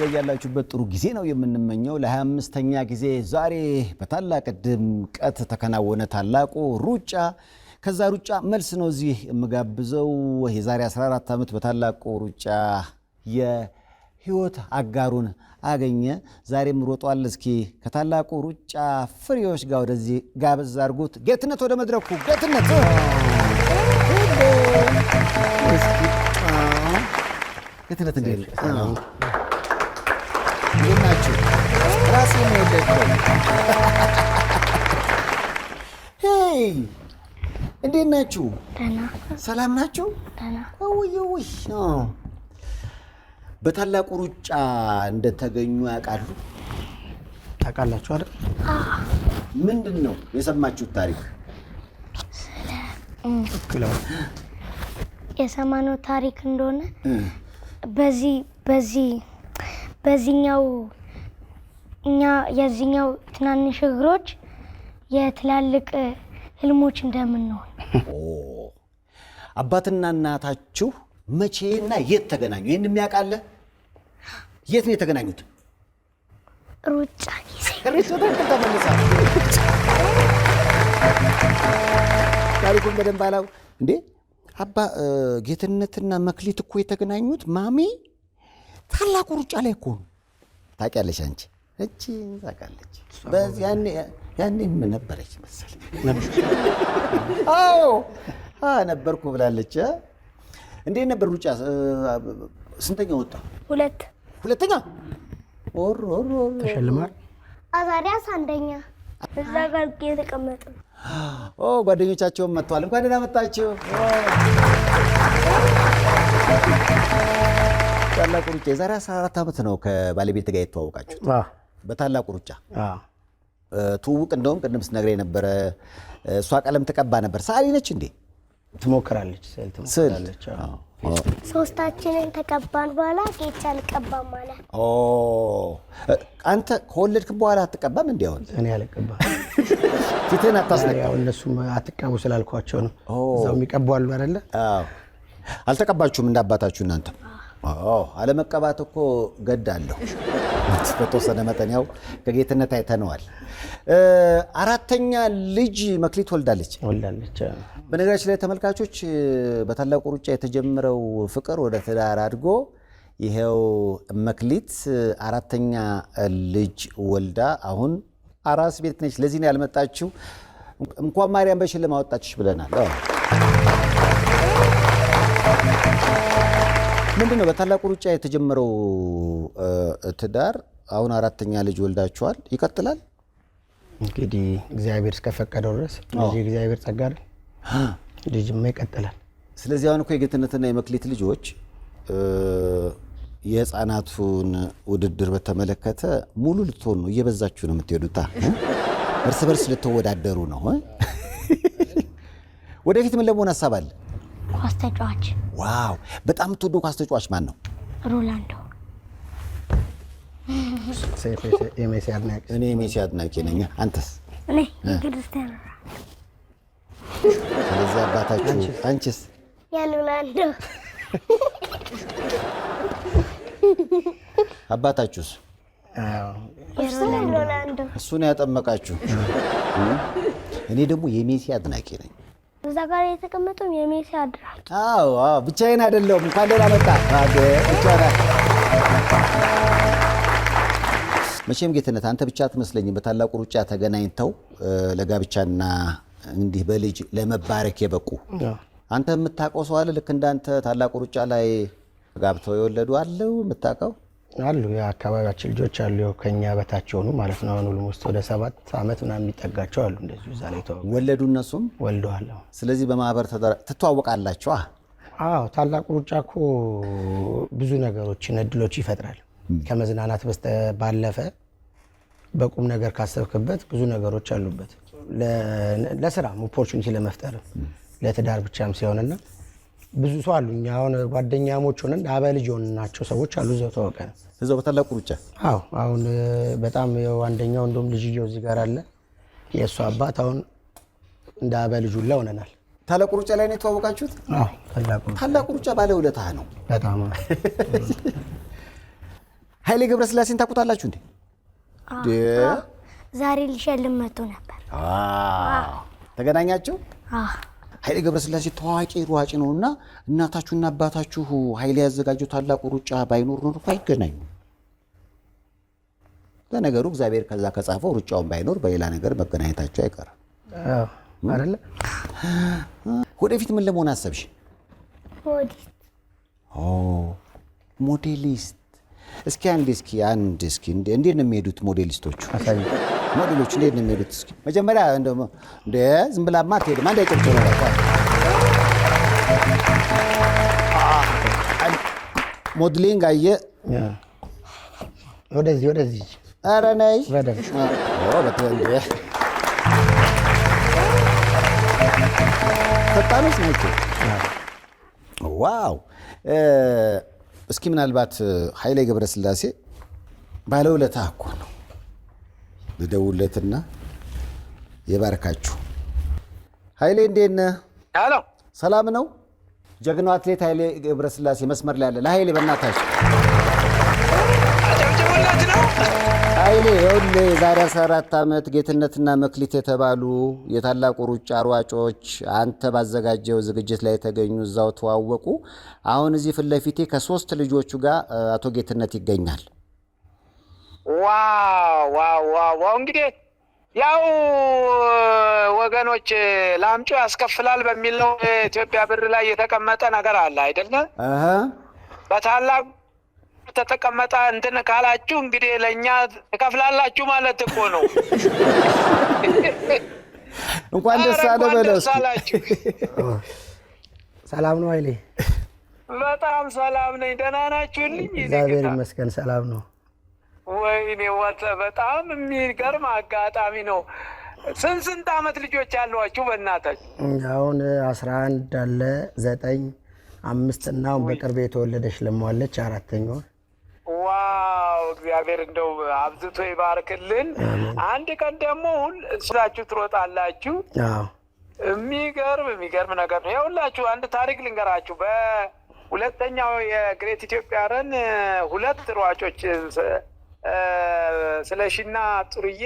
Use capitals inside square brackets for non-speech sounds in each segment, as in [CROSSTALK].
በያላችሁበት ጥሩ ጊዜ ነው የምንመኘው። ለ25ኛ ጊዜ ዛሬ በታላቅ ድምቀት ተከናወነ ታላቁ ሩጫ። ከዛ ሩጫ መልስ ነው እዚህ የምጋብዘው የዛሬ 14 ዓመት በታላቁ ሩጫ የህይወት አጋሩን አገኘ። ዛሬም ሮጧል። እስኪ ከታላቁ ሩጫ ፍሬዎች ጋር ወደዚህ ጋበዝ አድርጉት። ጌትነት ወደ መድረኩ ጌትነት ጌትነት እንዴ ናችሁ? ራሴ መወደድ ሄይ፣ እንዴት ናችሁ? ሰላም ናችሁ? ውይውይ በታላቁ ሩጫ እንደተገኙ ያውቃሉ? ታውቃላችሁ አይደል? ምንድን ነው የሰማችሁት ታሪክ? የሰማነው ታሪክ እንደሆነ በዚህ በዚህ በዚህኛው እኛ የዚህኛው ትናንሽ እግሮች የትላልቅ ህልሞች እንደምንሆን። አባትና እናታችሁ መቼና የት ተገናኙ? ይህን የሚያውቃለ? የት ነው የተገናኙት? ሩጫ ጊዜ ታሪኩን በደንብ አላው እንዴ? አባ ጌትነትና መክሊት እኮ የተገናኙት ማሜ ታላቁ ሩጫ ላይ እኮ ነው። ታውቂያለሽ አንቺ እቺ ታውቃለች። ያኔ ምን ነበረች መሰል አዎ ነበርኩ ብላለች። እንዴት ነበር ሩጫ? ስንተኛ ወጣ? ሁለት ሁለተኛ። ተሸልማል። አዛሪያስ አንደኛ። እዛ ጋር የተቀመጠ ጓደኞቻቸውን መጥተዋል። እንኳን ደህና መጣችሁ። ታላቁ ሩጫ የዛሬ 14 ዓመት ነው ከባለቤት ጋር የተዋወቃችሁት? በታላቁ ሩጫ ትውውቅ። እንደውም ቅድም ስነግር የነበረ እሷ ቀለም ተቀባ ነበር። ሰዓሊ ነች እንዴ? ትሞክራለች፣ ስዕል ትሞክራለች። ሶስታችንን ተቀባን በኋላ ጌቻ አልቀባም አለ። አንተ ከወለድክ በኋላ አትቀባም? እንዲ ሆን እኔ አልቀባም። [LAUGHS] ፊትህን አታስነቃ። እነሱም አትቀቡ ስላልኳቸው ነው። እዛው የሚቀቡ አሉ አይደለ? አልተቀባችሁም እንዳባታችሁ እናንተም አለመቀባት እኮ ገዳለሁ በተወሰነ መጠን ያው ከጌትነት አይተነዋል። አራተኛ ልጅ መክሊት ወልዳለች ወልዳለች። በነገራችን ላይ ተመልካቾች፣ በታላቁ ሩጫ የተጀመረው ፍቅር ወደ ትዳር አድጎ ይሄው መክሊት አራተኛ ልጅ ወልዳ አሁን አራስ ቤት ነች። ለዚህ ነው ያልመጣችው። እንኳን ማርያም በሽልማ አወጣችሽ ብለናል። ምንድን ነው በታላቁ ሩጫ የተጀመረው ትዳር? አሁን አራተኛ ልጅ ወልዳችኋል። ይቀጥላል እንግዲህ እግዚአብሔር እስከፈቀደው ድረስ እዚህ እግዚአብሔር ጸጋ ልጅማ ይቀጥላል። ስለዚህ አሁን እኮ የጌትነትና የመክሊት ልጆች የህፃናቱን ውድድር በተመለከተ ሙሉ ልትሆን ነው። እየበዛችሁ ነው የምትሄዱታ። እርስ በርስ ልትወዳደሩ ነው። ወደፊት ምን ለመሆን ሀሳብ አለ? ኳስ ተጫዋች። ዋው! በጣም የምትወደው ኳስ ተጫዋች ማን ነው? ሮላንዶ። እኔ የሜሲ አድናቂ ነኝ። አንተስ? እኔ ክርስቲያኖ። ስለዚህ አባታችሁ አንቺስ? የሮናልዶ። አባታችሁስ? እሱን ያጠመቃችሁ። እኔ ደግሞ የሜሲ አድናቂ ነኝ። እዛ ጋር የተቀመጠው የሜሲ አድራጅ። አዎ ብቻዬን አይደለሁም። እንኳን ደህና መጣ። መቼም ጌትነት አንተ ብቻ አትመስለኝም። በታላቁ ሩጫ ተገናኝተው ለጋብቻና እንዲህ በልጅ ለመባረክ የበቁ አንተ የምታውቀው ሰው አለ? ልክ እንዳንተ ታላቁ ሩጫ ላይ ጋብተው የወለዱ አለው የምታውቀው? አሉ የአካባቢያችን ልጆች አሉ ከኛ በታች ሆኑ ማለት ነው። አሁን ሁሉም ውስጥ ወደ ሰባት አመት ምናምን የሚጠጋቸው አሉ እንደዚሁ እዛ ላይ ተዋወቁ። ወለዱ እነሱም ወልደዋል። ስለዚህ በማህበር ትተዋወቃላቸው። አዎ። ታላቁ ሩጫ እኮ ብዙ ነገሮችን እድሎች ይፈጥራል። ከመዝናናት በስተ ባለፈ በቁም ነገር ካሰብክበት ብዙ ነገሮች አሉበት። ለስራም ኦፖርቹኒቲ ለመፍጠርም ለትዳር ብቻም ሲሆንና ብዙ ሰው አሉ። እኛ አሁን ጓደኛሞች ሆነን አበልጅ የሆንናቸው ሰዎች አሉ። እዛው ተዋወቀን እዛው በታላቁ ሩጫ? አዎ። አሁን በጣም ያው አንደኛው እንደውም ልጅየው እዚህ ጋር አለ። የእሱ አባት አሁን እንደ አበ ልጁላ ሆነናል። ታላቁ ሩጫ ላይ ነው የተዋወቃችሁት? ታላቁ ሩጫ ባለ ውለታህ ነው። በጣም [LAUGHS] ኃይሌ ገብረስላሴን ታውቁታላችሁ እንዴ? ዛሬ ሊሸልም መጥቶ ነበር። ተገናኛችሁ? ኃይሌ ገብረስላሴ ታዋቂ ሯጭ ነው እና እናታችሁና አባታችሁ ኃይሌ ያዘጋጀው ታላቁ ሩጫ ባይኖር ኖር አይገናኙ። ለነገሩ እግዚአብሔር ከዛ ከጻፈው ሩጫውን ባይኖር በሌላ ነገር መገናኘታቸው አይቀርም አይደለ? ወደፊት ምን ለመሆን አሰብሽ? ሞዴሊስት። እስኪ አንድ እስኪ አንድ እስኪ እንዴት ነው የሚሄዱት ሞዴሊስቶቹ? ሞዴሎች እንዴት ነው የሚሄዱት? እስኪ መጀመሪያ እንደ ዝም ብላማ አትሄድም። አንድ አይጨብጭ ነው ሞዴሊንግ አየ ወደዚህ ወደዚህ ኧረ ነይ ፈጣኖች ናቸው። ዋው እስኪ ምናልባት ኃይሌ ገብረስላሴ ባለውለታ እኮ ነው ልደውለትና ይባርካችሁ። ኃይሌ እንዴት ነህ? ሰላም ነው። ጀግኖ አትሌት ኃይሌ ገብረስላሴ መስመር ላይ አለ። ለኃይሌ በእናታችሁ ኃይሌ ይኸውልህ የዛሬ 14 ዓመት ጌትነትና መክሊት የተባሉ የታላቁ ሩጫ ሯጮች አንተ ባዘጋጀው ዝግጅት ላይ የተገኙ እዛው ተዋወቁ። አሁን እዚህ ፊት ለፊቴ ከሶስት ልጆቹ ጋር አቶ ጌትነት ይገኛል። ዋው ዋው ዋው እንግዲህ ያው ወገኖች ላምጮ ያስከፍላል በሚል ነው ኢትዮጵያ ብር ላይ የተቀመጠ ነገር አለ አይደለ? በታላቅ ተተቀመጠ እንትን ካላችሁ እንግዲህ ለእኛ ትከፍላላችሁ ማለት እኮ ነው። እንኳን ደስ አለ ሰላም ነው አይሌ? በጣም ሰላም ነኝ። ደህና እግዚአብሔር ይመስገን ሰላም ነው። ወይኔ ወተ በጣም የሚገርም አጋጣሚ ነው። ስንት ስንት አመት ልጆች ያሏችሁ በእናታችሁ? አሁን አስራ አንድ አለ ዘጠኝ አምስት እና አሁን በቅርብ የተወለደች ለሟለች አራተኛዋ። ዋው እግዚአብሔር እንደው አብዝቶ ይባርክልን። አንድ ቀን ደግሞ ሁን ሁላችሁ ትሮጣላችሁ። የሚገርም የሚገርም ነገር ነው። ይኸውላችሁ አንድ ታሪክ ልንገራችሁ በሁለተኛው የግሬት ኢትዮጵያ ረን ሁለት ሯጮች ስለሽና ጥሩዬ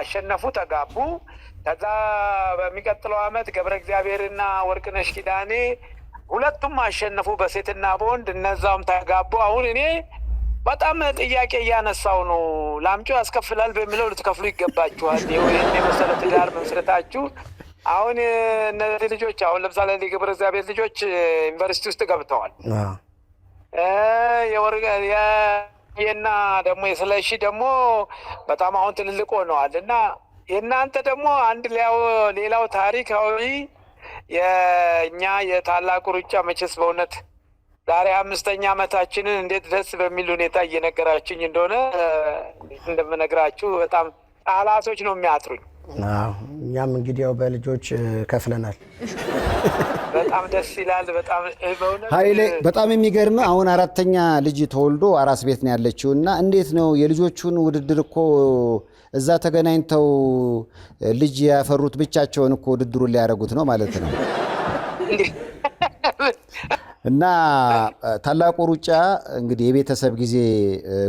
አሸነፉ፣ ተጋቡ። ከዛ በሚቀጥለው አመት ገብረ እግዚአብሔርና ወርቅነሽ ኪዳኔ ሁለቱም አሸነፉ በሴትና በወንድ እነዛውም ተጋቡ። አሁን እኔ በጣም ጥያቄ እያነሳው ነው። ላምጮ ያስከፍላል በሚለው ልትከፍሉ ይገባችኋል። ይህን የመሰለ ትዳር መስረታችሁ። አሁን እነዚህ ልጆች አሁን ለምሳሌ ገብረ እግዚአብሔር ልጆች ዩኒቨርሲቲ ውስጥ ገብተዋል። የና ደግሞ የስለሺ ደግሞ በጣም አሁን ትልልቅ ሆነዋል እና የእናንተ ደግሞ አንድ ሌላው ታሪካዊ የእኛ የታላቁ ሩጫ መቼስ በእውነት ዛሬ አምስተኛ ዓመታችንን እንዴት ደስ በሚል ሁኔታ እየነገራችኝ እንደሆነ እንደምነግራችሁ በጣም ቃላቶች ነው የሚያጥሩኝ። እኛም እንግዲህ ያው በልጆች ከፍለናል። በጣም ደስ ይላል። በጣም ኃይሌ፣ በጣም የሚገርም አሁን አራተኛ ልጅ ተወልዶ አራስ ቤት ነው ያለችው እና እንዴት ነው የልጆቹን ውድድር እኮ እዛ ተገናኝተው ልጅ ያፈሩት ብቻቸውን እኮ ውድድሩን ሊያደርጉት ነው ማለት ነው። እና ታላቁ ሩጫ እንግዲህ የቤተሰብ ጊዜ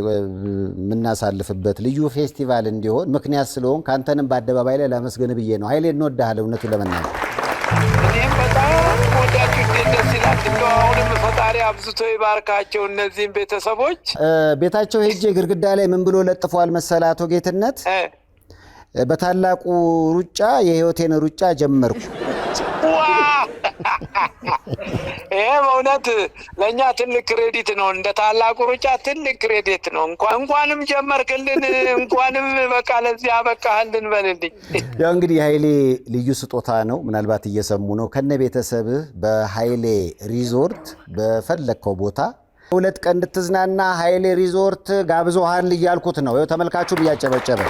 የምናሳልፍበት ልዩ ፌስቲቫል እንዲሆን ምክንያት ስለሆን ከአንተንም በአደባባይ ላይ ላመስገን ብዬ ነው። ኃይሌ እንወዳሃል። እውነቱ ለመናገር እኔም በጣም ወዳችሁ ደስ ይላል። እንደው አሁንም ፈጣሪ አብዝቶ ይባርካቸው እነዚህም ቤተሰቦች። ቤታቸው ሄጄ ግድግዳ ላይ ምን ብሎ ለጥፏል መሰለ አቶ ጌትነት፣ በታላቁ ሩጫ የህይወቴን ሩጫ ጀመርኩ [LAUGHS] ይህ በእውነት ለእኛ ትልቅ ክሬዲት ነው። እንደ ታላቁ ሩጫ ትልቅ ክሬዲት ነው። እንኳንም ጀመርክልን፣ እንኳንም በቃ ለዚህ አበቃህልን በልልኝ። ያው እንግዲህ የሀይሌ ልዩ ስጦታ ነው። ምናልባት እየሰሙ ነው። ከነ ቤተሰብህ በሀይሌ ሪዞርት በፈለግከው ቦታ ሁለት ቀን እንድትዝናና ሀይሌ ሪዞርት ጋብዞሃል እያልኩት ነው። ተመልካቹም እያጨበጨበ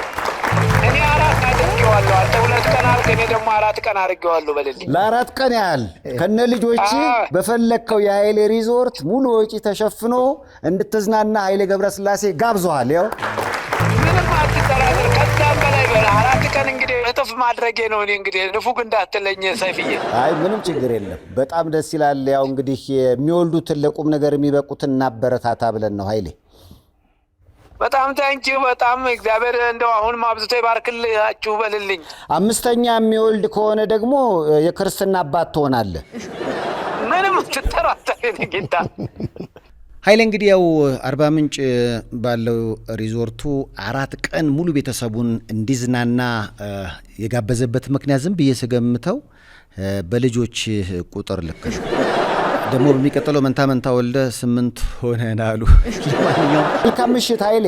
እኔ አራት አድርጌዋለሁ። አንተ ሁለት ቀን እኔ ደግሞ አራት ቀን አድርጌዋለሁ በልልኝ። ለአራት ቀን ያህል ከነ ልጆች በፈለግከው የኃይሌ ሪዞርት ሙሉ ወጪ ተሸፍኖ እንድትዝናና ኃይሌ ገብረስላሴ ጋብዞሃል። ያው ምንም አትጠራጥር። ከዛም በላይ በላ አራት ቀን እንግዲህ እጥፍ ማድረጌ ነው። እኔ እንግዲህ ንፉግ እንዳትለኝ አይ ምንም ችግር የለም። በጣም ደስ ይላል። ያው እንግዲህ የሚወልዱትን ለቁም ነገር የሚበቁትን እናበረታታ ብለን ነው ኃይሌ በጣም ታንቺ በጣም እግዚአብሔር እንደው አሁንም አብዝቶ ይባርክላችሁ በልልኝ። አምስተኛ የሚወልድ ከሆነ ደግሞ የክርስትና አባት ትሆናለህ። ምንም ትጠራጠር ጌታ ኃይሌ እንግዲህ ያው አርባ ምንጭ ባለው ሪዞርቱ አራት ቀን ሙሉ ቤተሰቡን እንዲዝናና የጋበዘበት ምክንያት ዝም ብዬ ስገምተው በልጆች ቁጥር ልክ ነው። ደግሞ በሚቀጥለው መንታ መንታ ወልደ ስምንት ሆነን አሉ። ለማንኛውም መልካም ምሽት ኃይሌ።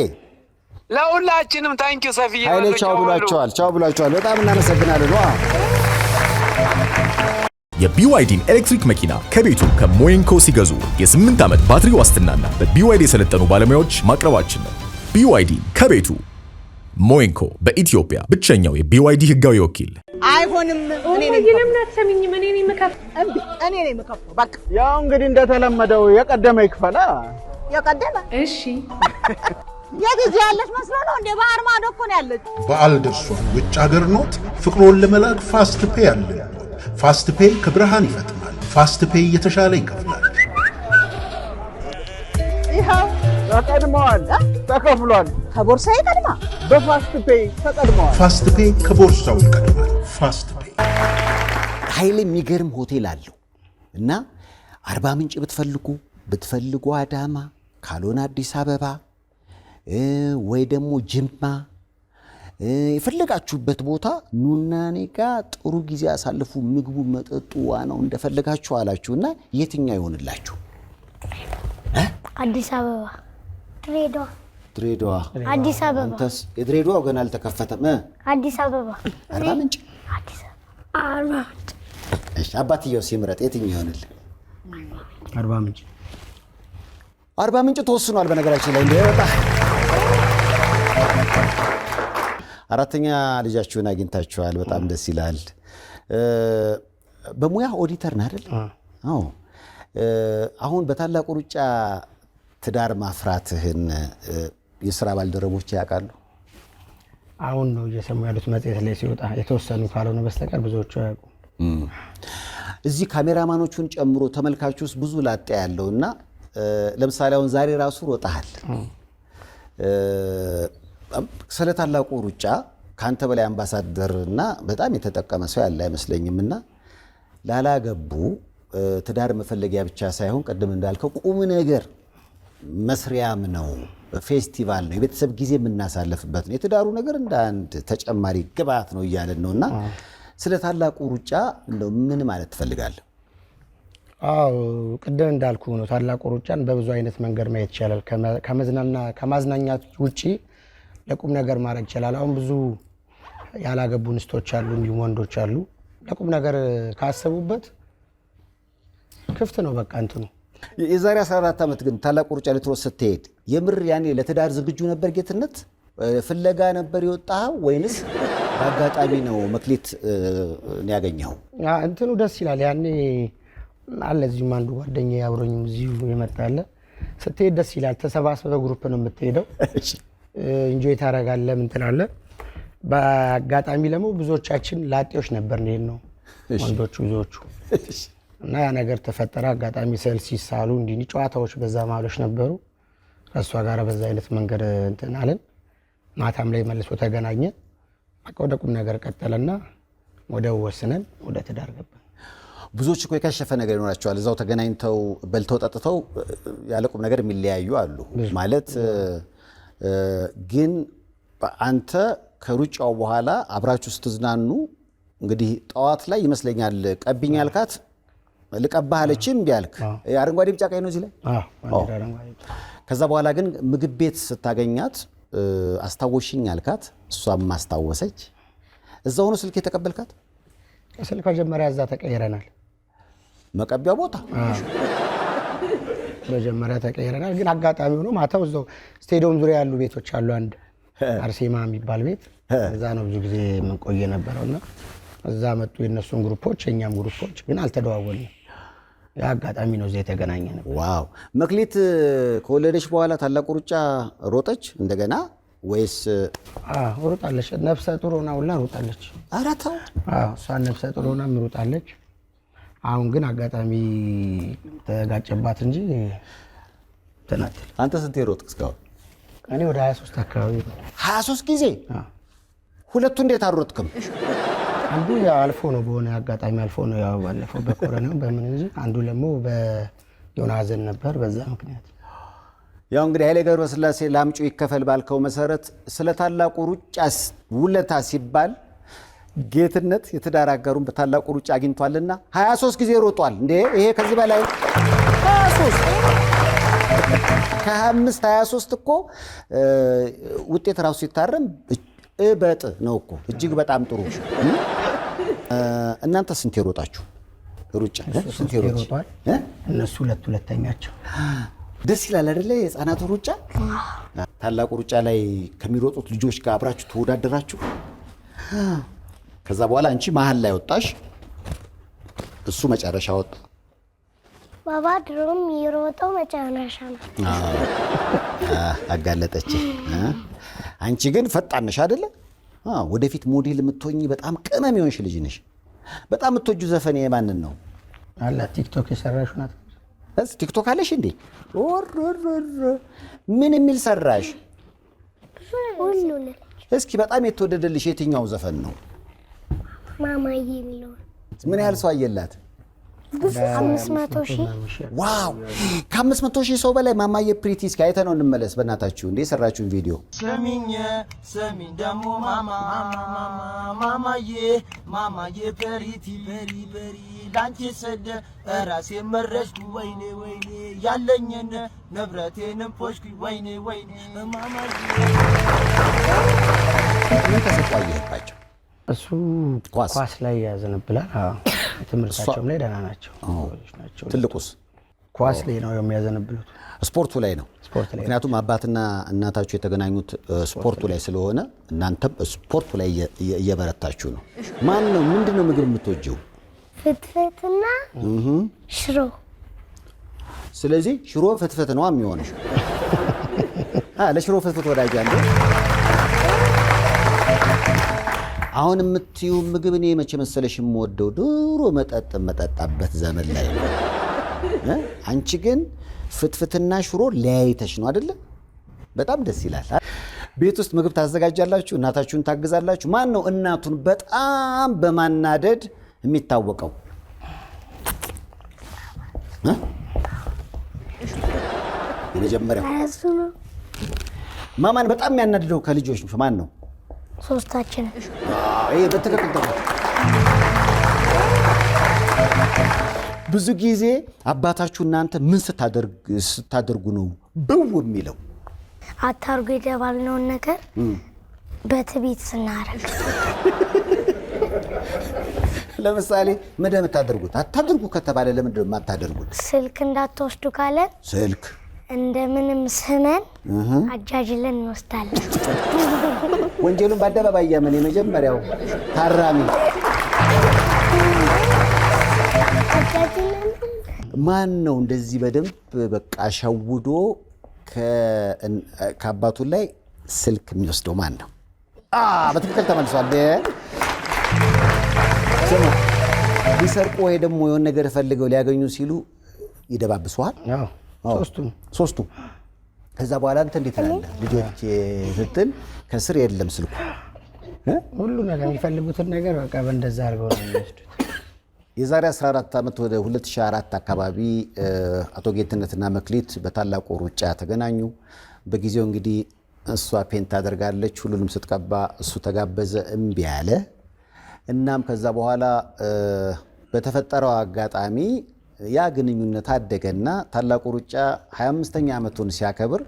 ለሁላችንም ታንኪ ሰፊ ኃይሌ ቻው ብሏቸዋል። ቻው ብሏቸዋል። በጣም እናመሰግናለን። ዋ የቢዋይዲን ኤሌክትሪክ መኪና ከቤቱ ከሞይንኮ ሲገዙ የ8 ዓመት ባትሪ ዋስትናና በቢዋይዲ የሰለጠኑ ባለሙያዎች ማቅረባችን ነው። ቢዋይዲን ከቤቱ ሞንኮ በኢትዮጵያ ብቸኛው የቢዋይዲ ህጋዊ ወኪል። አይሆንም። እኔ ነኝ በቃ ያው እንግዲህ እንደተለመደው የቀደመ ይክፈላ። የቀደመ እሺ። [LAUGHS] ያለች መስሎ ነው ባህር ማዶ እኮ ነው ያለች። በዓል ደርሷል። ውጭ ሀገር ኖት? ፍቅሮን ለመላክ ፋስት ፔ አለ። ፋስት ፔ ከብርሃን ይፈጥናል። ፋስት ፔ እየተሻለ ይከፍላል። ይኸው ተቀድመዋል፣ ተከፍሏል። ከቦርሳ ይቀድማ። በፋስት ፔይ ተቀድመዋል። ፋስት ፔይ ከቦርሳው ይቀድማል። ፋስት ፔይ ኃይሌ የሚገርም ሆቴል አለው እና አርባ ምንጭ ብትፈልጉ ብትፈልጉ አዳማ፣ ካልሆነ አዲስ አበባ ወይ ደግሞ ጅማ የፈለጋችሁበት ቦታ ኑና እኔ ጋ ጥሩ ጊዜ አሳልፉ። ምግቡ፣ መጠጡ፣ ዋናው እንደፈለጋችሁ አላችሁ እና የትኛው ይሆንላችሁ? አዲስ አበባ፣ ድሬዳዋ ድሬዳዋ። አዲስ አበባ። አንተስ? የድሬዳዋ ገና አልተከፈተም። አዲስ አበባ። አርባ ምንጭ። እሺ፣ አባትየው ሲምረጥ የትኛው ይሆንል? አርባ ምንጭ። አርባ ምንጭ ተወስኗል። በነገራችን ላይ እንደወጣ አራተኛ ልጃችሁን አግኝታችኋል። በጣም ደስ ይላል። በሙያ ኦዲተር ነህ አይደል? አዎ። አሁን በታላቁ ሩጫ ትዳር ማፍራትህን የስራ ባልደረቦች ያውቃሉ? አሁን ነው እየሰሙ ያሉት። መጽሔት ላይ ሲወጣ የተወሰኑ ካልሆነ በስተቀር ብዙዎቹ አያውቁም። እዚህ ካሜራማኖቹን ጨምሮ ተመልካች ውስጥ ብዙ ላጤ ያለው እና ለምሳሌ አሁን ዛሬ ራሱ ሮጠሃል። ስለ ታላቁ ሩጫ ከአንተ በላይ አምባሳደር እና በጣም የተጠቀመ ሰው ያለ አይመስለኝም። እና ላላገቡ ትዳር መፈለጊያ ብቻ ሳይሆን ቅድም እንዳልከው ቁም ነገር መስሪያም ነው። ፌስቲቫል ነው፣ የቤተሰብ ጊዜ የምናሳልፍበት ነው። የትዳሩ ነገር እንደ አንድ ተጨማሪ ግብዓት ነው እያለን ነው እና ስለ ታላቁ ሩጫ እንደው ምን ማለት ትፈልጋለህ? አዎ ቅድም እንዳልኩ ነው። ታላቁ ሩጫን በብዙ አይነት መንገድ ማየት ይቻላል። ከማዝናኛ ውጭ ለቁም ነገር ማድረግ ይቻላል። አሁን ብዙ ያላገቡ ንስቶች አሉ፣ እንዲሁም ወንዶች አሉ። ለቁም ነገር ካሰቡበት ክፍት ነው በቃ እንትኑ የዛሬ 14 ዓመት ግን ታላቁ ሩጫ ሌትሮስ ስትሄድ የምር ያኔ ለትዳር ዝግጁ ነበር ጌትነት ፍለጋ ነበር የወጣ ወይንስ በአጋጣሚ ነው መክሊት ያገኘው? እንትኑ ደስ ይላል። ያኔ አለ እዚሁም አንዱ ጓደኛ አብሮኝም እዚሁ የመጣለ ስትሄድ ደስ ይላል። ተሰባስበ ግሩፕ ነው የምትሄደው፣ እንጆይ ታረጋለ ምን ትላለህ። በአጋጣሚ ደግሞ ብዙዎቻችን ላጤዎች ነበር ነው ወንዶቹ ብዙዎቹ እና ያ ነገር ተፈጠረ። አጋጣሚ ስዕል ሲሳሉ እንዲህ ጨዋታዎች በዛ ማሎች ነበሩ። ከእሷ ጋር በዛ አይነት መንገድ እንትን አለን። ማታም ላይ መልሶ ተገናኘ። በቃ ወደ ቁም ነገር ቀጠለና ወደ ወስነን ወደ ትዳር ገባ። ብዙዎች እኮ የከሸፈ ነገር ይኖራቸዋል። እዛው ተገናኝተው በልተው ጠጥተው ያለ ቁም ነገር የሚለያዩ አሉ ማለት ግን አንተ ከሩጫው በኋላ አብራችሁ ስትዝናኑ እንግዲህ ጠዋት ላይ ይመስለኛል ቀቢኝ ያልካት ልቀባህ አለችህ እምቢ አልክ። አረንጓዴ ቢጫ ቀይ ነው እዚህ ላይ። ከዛ በኋላ ግን ምግብ ቤት ስታገኛት አስታወሽኝ አልካት፣ እሷም ማስታወሰች። እዛ ሆኖ ስልክ የተቀበልካት ስልክ መጀመሪያ እዛ ተቀይረናል። መቀቢያ ቦታ መጀመሪያ ተቀይረናል። ግን አጋጣሚ ሆኖ ማታው እዛው ስቴዲየም ዙሪያ ያሉ ቤቶች አሉ። አንድ አርሴማ የሚባል ቤት እዛ ነው ብዙ ጊዜ የምንቆየ እና እዛ መጡ የእነሱን ግሩፖች የእኛም ግሩፖች፣ ግን አልተደዋወልንም። አጋጣሚ ነው እዚያ የተገናኘ ነበር። ዋው መክሊት ከወለደች በኋላ ታላቁ ሩጫ ሮጠች እንደገና ወይስ ሮጣለች? ነፍሰ ጡር ሆና ሁላ ሮጣለች። ኧረ ተው እሷ ነፍሰ ጡር ሆና ሮጣለች። አሁን ግን አጋጣሚ ተጋጨባት እንጂ ትናትል። አንተ ስንቴ ሮጥክ እስካሁን? እኔ ወደ 23 አካባቢ 23 ጊዜ። ሁለቱ እንዴት አልሮጥክም? አንዱ ያው አልፎ ነው በሆነ አጋጣሚ አልፎ ነው ያው ባለፈው በኮረናው በምን እንጂ አንዱ ደግሞ የሆነ ሀዘን ነበር። በዛ ምክንያት ያው እንግዲህ ኃይሌ ገብረ ስላሴ ላምጩ ይከፈል ባልከው መሰረት ስለ ታላቁ ሩጫ ውለታ ሲባል ጌትነት የትዳር አጋሩን በታላቁ ሩጫ አግኝቷልና 23 ጊዜ ሮጧል። እንዴ ይሄ ከዚህ በላይ 23 ከ25 23 እኮ ውጤት ራሱ ሲታረም እበጥ ነው እኮ እጅግ በጣም ጥሩ እናንተ ስንት የሮጣችሁ ሩጫ ስንት እነሱ ሁለት ሁለተኛቸው ደስ ይላል አይደለ? የህፃናቱ ሩጫ ታላቁ ሩጫ ላይ ከሚሮጡት ልጆች ጋር አብራችሁ ተወዳደራችሁ። ከዛ በኋላ አንቺ መሀል ላይ ወጣሽ፣ እሱ መጨረሻ ወጣ። ባባ ድሮም የሮጠው መጨረሻ ነው። አጋለጠች። አንቺ ግን ፈጣን ነሽ አይደለ? ወደፊት ሞዴል የምትሆኝ በጣም ቅመም የሆንሽ ልጅ ነሽ። በጣም የምትወጁ ዘፈን የማንን ነው? አላ ቲክቶክ የሰራሽ ናት። ቲክቶክ አለሽ እንዴ? ምን የሚል ሰራሽ? እስኪ በጣም የተወደደልሽ የትኛው ዘፈን ነው? ምን ያህል ሰው አየላት? ዋው ከአምስት መቶ ሺህ ሰው በላይ ማማዬ ፕሪቲ እስኪ ነው እንመለስ። በእናታችሁ እንደ የሰራችሁን ቪዲዮ ስሚኝ ስሚኝ ደግሞ ማማዬ ማማዬ ፕሪቲ በሪ በሪ ላንቺ ሰደ ራሴ መረሽኩ ወይኔ ወይኔ ያለኝን ንብረቴን ፖሽኩ ወይኔ ወይኔ ማማዬ ተሰቋየህባቸው እሱ ኳስ ላይ ያዘነብላል። ትምህርታቸውም ላይ ደህና ናቸው ትልቁስ ኳስ ላይ ነው የሚያዘነብሉት፣ ስፖርቱ ላይ ነው። ምክንያቱም አባትና እናታችሁ የተገናኙት ስፖርቱ ላይ ስለሆነ እናንተም ስፖርቱ ላይ እየበረታችሁ ነው። ማን ነው ምንድን ነው ምግብ የምትወጀው? ፍትፍትና ሽሮ። ስለዚህ ሽሮ ፍትፍት ነው የሚሆነው። ለሽሮ ፍትፍት ወዳጅ አለ አሁን የምትዩ ምግብ እኔ መቼ መሰለሽ የምወደው ድሮ መጠጥ መጠጣበት ዘመን ላይ ነው። አንቺ ግን ፍትፍትና ሽሮ ለያይተሽ ነው አደለ? በጣም ደስ ይላል። ቤት ውስጥ ምግብ ታዘጋጃላችሁ፣ እናታችሁን ታግዛላችሁ። ማን ነው እናቱን በጣም በማናደድ የሚታወቀው? የመጀመሪያው ማማን በጣም የሚያናድደው ከልጆች ማን ነው? ሶስታችን ብዙ ጊዜ አባታችሁ እናንተ ምን ስታደርጉ ነው ብው የሚለው? አታርጉ የተባልነውን ነገር በትቤት ስናረግ ለምሳሌ ምንድን የምታደርጉት? አታድርጉ ከተባለ ለምንድን ነው የማታደርጉት? ስልክ እንዳትወስዱ ካለ ስልክ እንደምንም ስመን አጃጅለን እንወስዳለን። ወንጀሉን በአደባባይ እያመን የመጀመሪያው ታራሚ ማን ነው? እንደዚህ በደንብ በቃ ሸውዶ ከአባቱ ላይ ስልክ የሚወስደው ማን ነው? በትክክል ተመልሷል። ሊሰርቁ ወይ ደግሞ የሆነ ነገር ፈልገው ሊያገኙ ሲሉ ይደባብሰዋል። ሶስቱ ከዛ በኋላ አንተ እንዴት ላለ ልጆች ስትል ከስር የለም ስልኩ ሁሉ ነገር የሚፈልጉትን ነገር በቃ በእንደዛ አድርገው ነው የሚወስዱት። የዛሬ 14 ዓመት ወደ 2004 አካባቢ አቶ ጌትነትና መክሊት በታላቁ ሩጫ ተገናኙ። በጊዜው እንግዲህ እሷ ፔንት አደርጋለች፣ ሁሉንም ስትቀባ እሱ ተጋበዘ፣ እምቢ አለ። እናም ከዛ በኋላ በተፈጠረው አጋጣሚ ያ ግንኙነት አደገና ታላቁ ሩጫ 25ኛ ዓመቱን ሲያከብር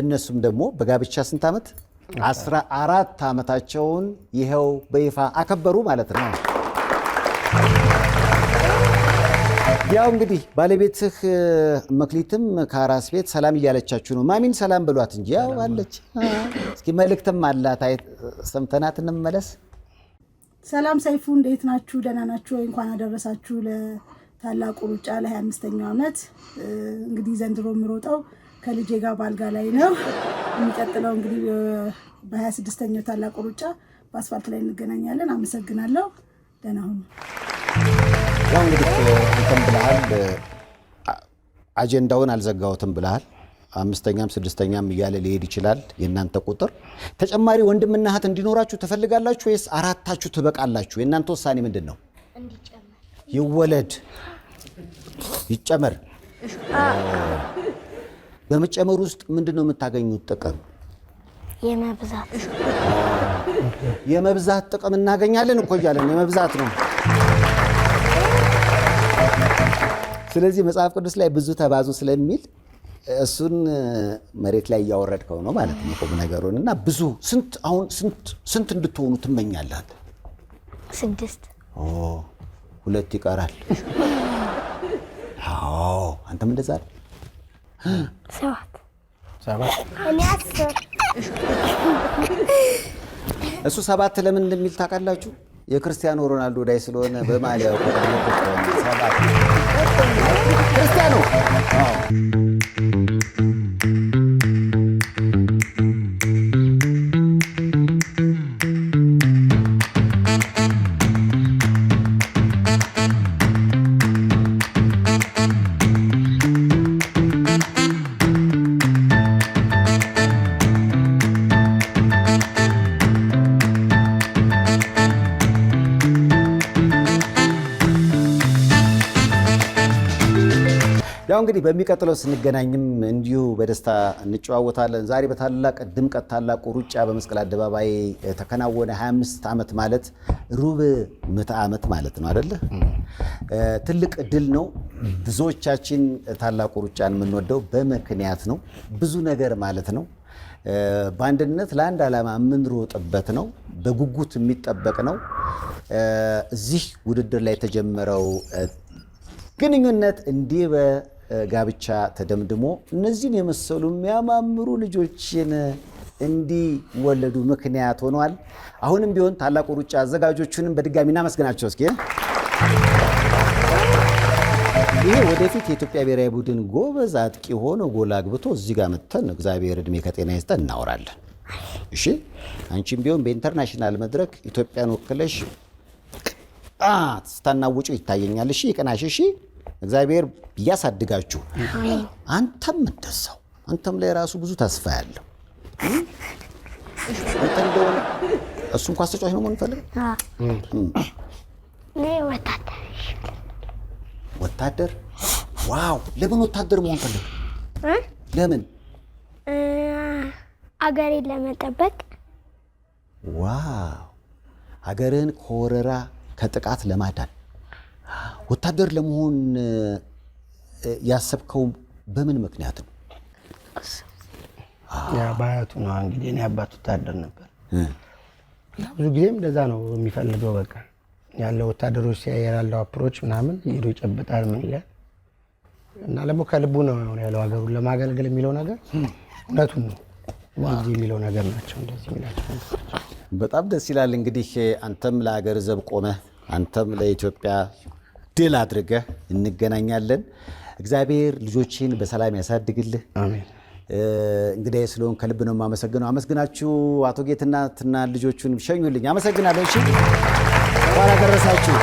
እነሱም ደግሞ በጋብቻ ስንት ዓመት አስራ አራት ዓመታቸውን ይኸው በይፋ አከበሩ ማለት ነው። ያው እንግዲህ ባለቤትህ መክሊትም ከአራስ ቤት ሰላም እያለቻችሁ ነው። ማሚን ሰላም ብሏት እንጂ ያው አለች። እስኪ መልእክትም አላት ሰምተናት እንመለስ። ሰላም ሰይፉ፣ እንዴት ናችሁ? ደህና ናችሁ ወይ? እንኳን አደረሳችሁ ታላቁ ሩጫ ለ25ኛው ዓመት እንግዲህ ዘንድሮ የምሮጠው ከልጄ ጋር ባልጋ ላይ ነው። የሚቀጥለው እንግዲህ በ26ኛው ታላቁ ሩጫ በአስፋልት ላይ እንገናኛለን። አመሰግናለሁ። ደህና ሁኑ። ያው እንግዲህ እንትን ብለሃል፣ አጀንዳውን አልዘጋሁትም ብለሃል። አምስተኛም ስድስተኛም እያለ ሊሄድ ይችላል። የእናንተ ቁጥር ተጨማሪ ወንድምና እህት እንዲኖራችሁ ትፈልጋላችሁ ወይስ አራታችሁ ትበቃላችሁ? የእናንተ ውሳኔ ምንድን ነው? ይወለድ ይጨመር። በመጨመር ውስጥ ምንድን ነው የምታገኙት ጥቅም? የመብዛት የመብዛት ጥቅም እናገኛለን እኮ እያለን የመብዛት ነው። ስለዚህ መጽሐፍ ቅዱስ ላይ ብዙ ተባዙ ስለሚል እሱን መሬት ላይ እያወረድከው ነው ማለት ነው ቁም ነገሩን እና ብዙ ስንት አሁን ስንት እንድትሆኑ ትመኛለህ? ስድስት ሁለት ይቀራል። አዎ አንተም እንደዛ አይደል? ሰባት ሰባት እኔ አስር እሱ ሰባት ለምን እንደሚል ታውቃላችሁ? የክርስቲያኖ ሮናልዶ ዳይ ስለሆነ በማሊያው ሰባት ክርስቲያኖ እንግዲህ በሚቀጥለው ስንገናኝም እንዲሁ በደስታ እንጨዋወታለን። ዛሬ በታላቅ ድምቀት ታላቁ ሩጫ በመስቀል አደባባይ ተከናወነ። 25 ዓመት ማለት ሩብ ምዕተ ዓመት ማለት ነው አደለ? ትልቅ ድል ነው። ብዙዎቻችን ታላቁ ሩጫን የምንወደው በምክንያት ነው። ብዙ ነገር ማለት ነው። በአንድነት ለአንድ ዓላማ የምንሮጥበት ነው። በጉጉት የሚጠበቅ ነው። እዚህ ውድድር ላይ የተጀመረው ግንኙነት እንዲህ ጋብቻ ተደምድሞ እነዚህን የመሰሉ የሚያማምሩ ልጆችን እንዲወለዱ ምክንያት ሆኗል። አሁንም ቢሆን ታላቁ ሩጫ አዘጋጆቹንም በድጋሚ እናመስግናቸው እስኪ። ይህ ወደፊት የኢትዮጵያ ብሔራዊ ቡድን ጎበዝ አጥቂ ሆኖ ጎል አግብቶ እዚህ ጋር መጥተን እግዚአብሔር እድሜ ከጤና ይስጠን እናወራለን። እሺ አንቺም ቢሆን በኢንተርናሽናል መድረክ ኢትዮጵያን ወክለሽ ስታናውጩ ይታየኛል። እሺ ይቅናሽ። እሺ እግዚአብሔር እያሳድጋችሁ፣ አንተም እንደዛው። አንተም ላይ ራሱ ብዙ ተስፋ ያለው አንተ እንደሆነ እሱም ኳስ ተጫዋች ነው መሆን ፈልገው ወታደር። ዋው! ለምን ወታደር መሆን ፈልገው? ለምን አገሬን ለመጠበቅ። ዋው! ሀገርን ከወረራ ከጥቃት ለማዳን ወታደር ለመሆን ያሰብከው በምን ምክንያት ነው? በአያቱ ነው እንግዲህ። እኔ አባት ወታደር ነበር። ብዙ ጊዜም እንደዛ ነው የሚፈልገው። በቃ ያለው ወታደሮች ሲያይ ያለው አፕሮች ምናምን ሄዶ ይጨብጣል ምን ይላል እና ደግሞ ከልቡ ነው ያለው ሀገሩን ለማገልገል የሚለው ነገር እውነቱን ነው የሚለው ነገር ናቸው። እንደዚህ የሚላቸው በጣም ደስ ይላል። እንግዲህ አንተም ለሀገር ዘብ ቆመህ አንተም ለኢትዮጵያ ድል አድርገህ እንገናኛለን። እግዚአብሔር ልጆችን በሰላም ያሳድግልህ። እንግዲህ ስለሆን ከልብ ነው የማመሰግነው። አመስግናችሁ አቶ ጌትነትና ልጆቹን ሸኙልኝ። አመሰግናለሁ። እሺ፣ ደረሳችሁ።